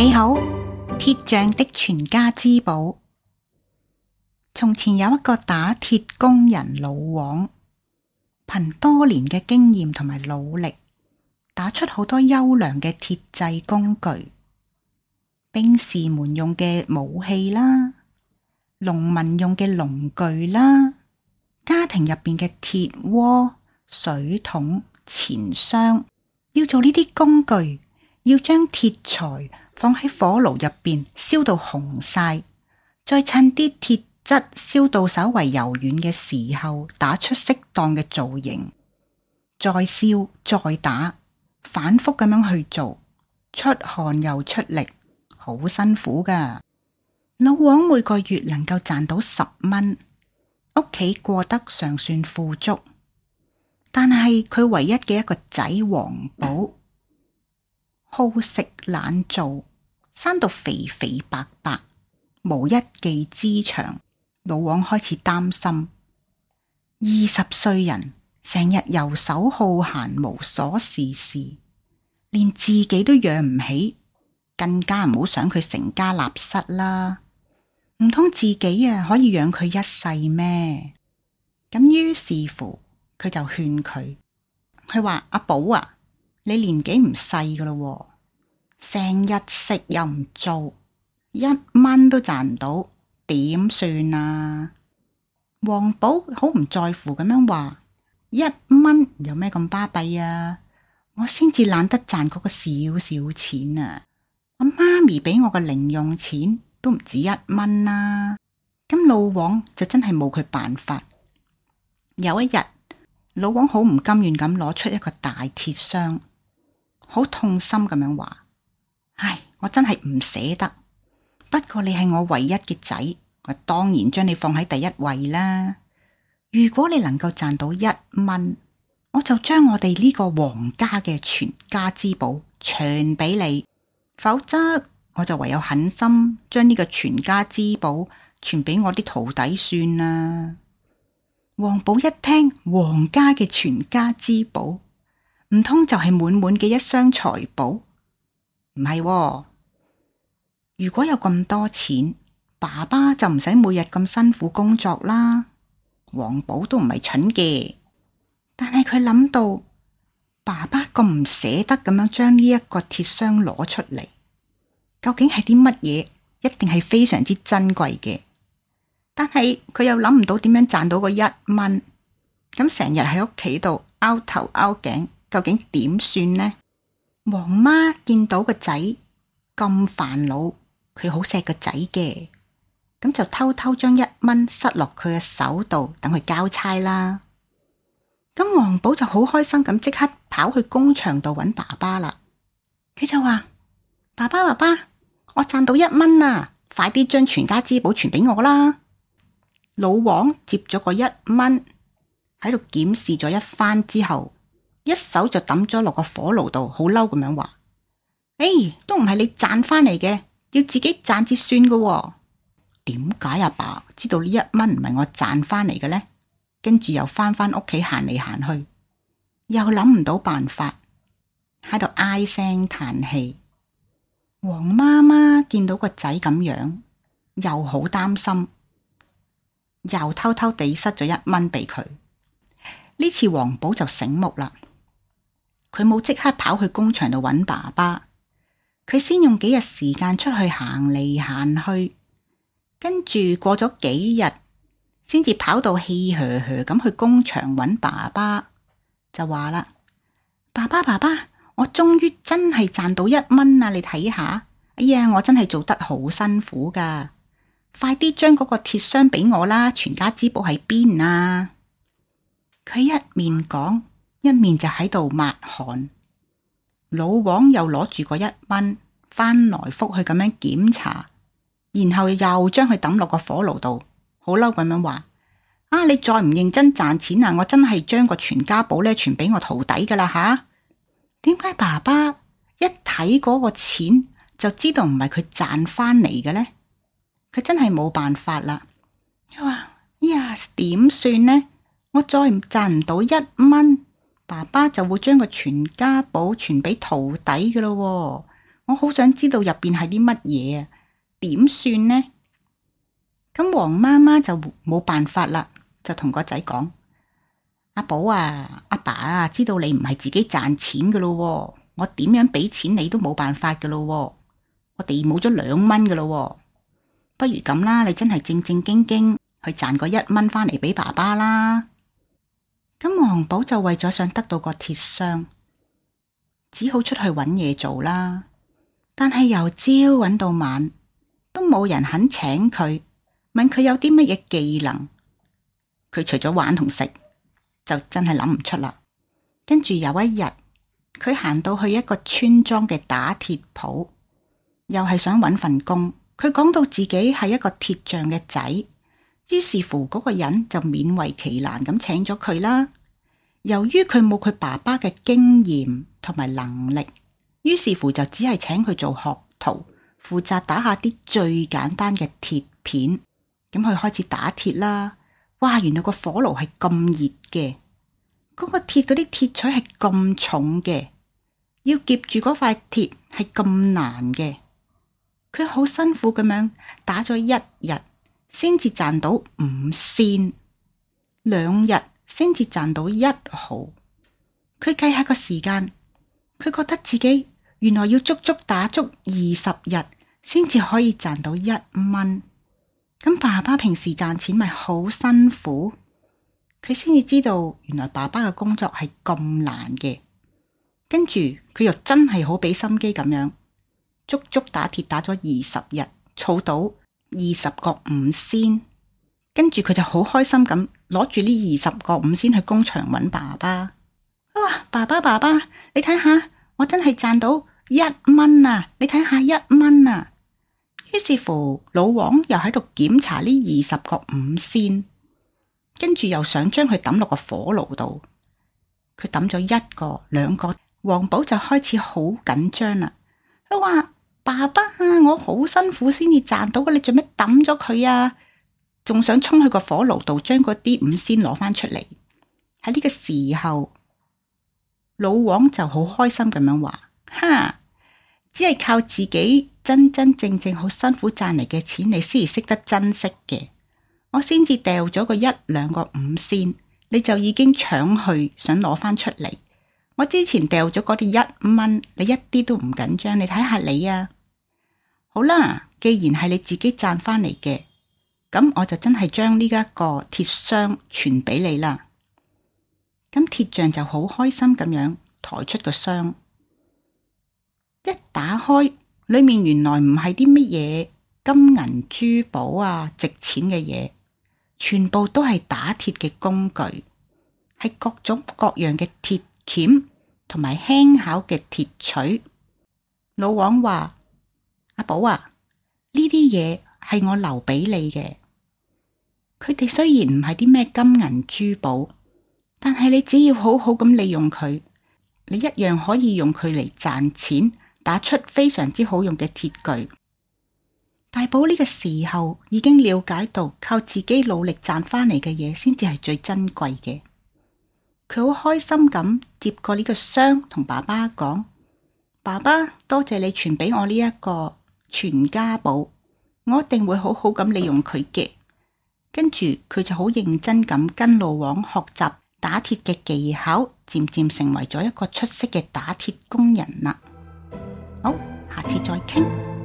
你好，鐵匠的傳家之寶。從前有一個打鐵工人老王，憑多年嘅經驗同埋努力，打出好多優良嘅鐵製工具，兵士們用嘅武器啦，農民用嘅農具啦，家庭入邊嘅鐵鍋、水桶、錢箱。要做呢啲工具，要將鐵材。放喺火爐入邊燒到紅晒，再趁啲鐵質燒到稍為柔軟嘅時候，打出適當嘅造型，再燒再打，反復咁樣去做，出汗又出力，好辛苦噶。老王每個月能夠賺到十蚊，屋企過得尚算富足，但係佢唯一嘅一個仔王寶，好食懶做。生到肥肥白白，無一技之長，老王開始擔心。二十歲人，成日遊手好閒，無所事事，連自己都養唔起，更加唔好想佢成家立室啦。唔通自己啊，可以養佢一世咩？咁於是乎，佢就勸佢，佢話：阿寶啊，你年紀唔細㗎喇。成日食又唔做，一蚊都賺唔到，點算啊？黃寶好唔在乎咁樣話，一蚊有咩咁巴閉啊？我先至懶得賺嗰個少少錢啊！我媽咪俾我個零用錢都唔止一蚊啦。咁老王就真係冇佢辦法。有一日，老王好唔甘願咁攞出一個大鐵箱，好痛心咁樣話。我真係唔捨得，不過你係我唯一嘅仔，我當然將你放喺第一位啦。如果你能夠賺到一蚊，我就將我哋呢個皇家嘅傳家之寶，傳俾你；否則我就唯有狠心將呢個傳家之寶傳俾我啲徒弟算啦。黃寶一聽，皇家嘅傳家之寶，唔通就係滿滿嘅一箱財寶，唔係啊？如果有咁多錢，爸爸就唔使每日咁辛苦工作啦。黃寶都唔係蠢嘅，但係佢諗到爸爸咁唔捨得咁樣將呢一個鐵箱攞出嚟，究竟係啲乜嘢？一定係非常之珍貴嘅。但係佢又諗唔到點樣賺到嗰一蚊，咁成日喺屋企度拗頭拗頸，究竟點算呢？黃媽見到個仔咁煩惱。佢好錫個仔嘅，咁就偷偷將一蚊塞落佢嘅手度，等佢交差啦。咁王寶就好開心咁，即刻跑去工場度搵爸爸啦。佢就話：爸爸爸爸，我賺到一蚊啦！快啲將傳家之寶傳俾我啦！老王接咗個一蚊，喺度檢視咗一番之後，一手就抌咗落個火爐度，好嬲咁樣話：，誒，hey，都唔係你賺翻嚟嘅。要自己賺先算噶，哦，點解啊爸知道呢一蚊唔係我賺翻嚟嘅咧？跟住又翻返屋企行嚟行去，又諗唔到辦法，喺度唉聲嘆氣。黃媽媽見到個仔咁樣，又好擔心，又偷偷地塞咗一蚊畀佢。呢次黃寶就醒目啦，佢冇即刻跑去工場度搵爸爸。佢先用幾日時間出去行嚟行去，跟住過咗幾日，先至跑到氣嘘嘘咁去工場揾爸爸，就話啦：爸爸爸爸，我終於真係賺到一蚊喇！你睇下，哎呀，我真係做得好辛苦噶，快啲將嗰個鐵箱畀我啦！傳家之寶喺邊啊！佢一面講，一面就喺度抹汗。老王又攞住個一蚊，翻來覆去咁樣檢查，然後又將佢抌落個火爐度，好嬲咁樣話：啊！你再唔認真賺錢啊，我真係將個傳家寶咧傳俾我徒弟噶啦吓！點、啊、解爸爸一睇嗰個錢就知道唔係佢賺翻嚟嘅呢？佢真係冇辦法啦！佢話：哎、呀，點算呢？我再唔賺唔到一蚊。爸爸就會將個全家寶傳俾徒弟噶啦，我好想知道入邊係啲乜嘢啊？點算呢？咁黃媽媽就冇辦法啦，就同個仔講：阿寶啊，阿爸啊，知道你唔係自己賺錢噶咯，我點樣俾錢你都冇辦法噶咯，我哋冇咗兩蚊噶咯，不如咁啦，你真係正正經經去賺個一蚊翻嚟俾爸爸啦。咁王寶就為咗想得到個鐵箱，只好出去揾嘢做啦。但係由朝揾到晚，都冇人肯請佢。問佢有啲乜嘢技能，佢除咗玩同食，就真係諗唔出啦。跟住有一日，佢行到去一個村莊嘅打鐵鋪，又係想揾份工。佢講到自己係一個鐵匠嘅仔。於是乎，嗰個人就勉為其難咁請咗佢啦。由於佢冇佢爸爸嘅經驗同埋能力，於是乎就只係請佢做學徒，負責打下啲最簡單嘅鐵片。咁佢開始打鐵啦。哇！原來個火爐係咁熱嘅，嗰個鐵嗰啲鐵錘係咁重嘅，要夾住嗰塊鐵係咁難嘅。佢好辛苦咁樣打咗一日。先至賺到五仙，兩日先至賺到一毫。佢計下個時間，佢覺得自己原來要足足打足二十日先至可以賺到一蚊。咁爸爸平時賺錢咪好辛苦，佢先至知道原來爸爸嘅工作係咁難嘅。跟住佢又真係好俾心機咁樣，足足打鐵打咗二十日，儲到。二十個五仙，跟住佢就好開心咁，攞住呢二十個五仙去工場揾爸爸。哇！爸爸爸爸，你睇下，我真係賺到一蚊啊！你睇下一蚊啊！於是乎，老王又喺度檢查呢二十個五仙，跟住又想將佢抌落個火爐度。佢抌咗一個、兩個，黃寶就開始好緊張啦。佢話。爸爸，我好辛苦先至賺到嘅，你做咩抌咗佢啊？仲想衝去個火爐度將嗰啲五仙攞翻出嚟。喺呢個時候，老王就好開心咁樣話：「哈，只係靠自己真真正正好辛苦賺嚟嘅錢，你先至識得珍惜嘅。」我先至掉咗個一兩個五仙，你就已經搶去想攞翻出嚟。我之前掉咗嗰啲一蚊，你一啲都唔緊張。你睇下你啊！好啦，既然係你自己賺翻嚟嘅，咁我就真係將呢一個鐵箱傳俾你啦。咁鐵匠就好開心咁樣抬出個箱，一打開，裏面原來唔係啲乜嘢金銀珠寶啊，值錢嘅嘢，全部都係打鐵嘅工具，係各種各樣嘅鐵鉗同埋輕巧嘅鐵錘。老王話。阿寶啊，呢啲嘢係我留俾你嘅。佢哋雖然唔係啲咩金銀珠寶，但係你只要好好咁利用佢，你一樣可以用佢嚟賺錢，打出非常之好用嘅鐵具。大寶呢個時候已經了解到靠自己努力賺翻嚟嘅嘢先至係最珍貴嘅。佢好開心咁接過呢個箱，同爸爸講：爸爸，多謝你傳俾我呢一個。傳家寶，我一定會好好咁利用佢嘅。跟住佢就好認真咁跟老王學習打鐵嘅技巧，漸漸成為咗一個出色嘅打鐵工人啦。好，下次再傾。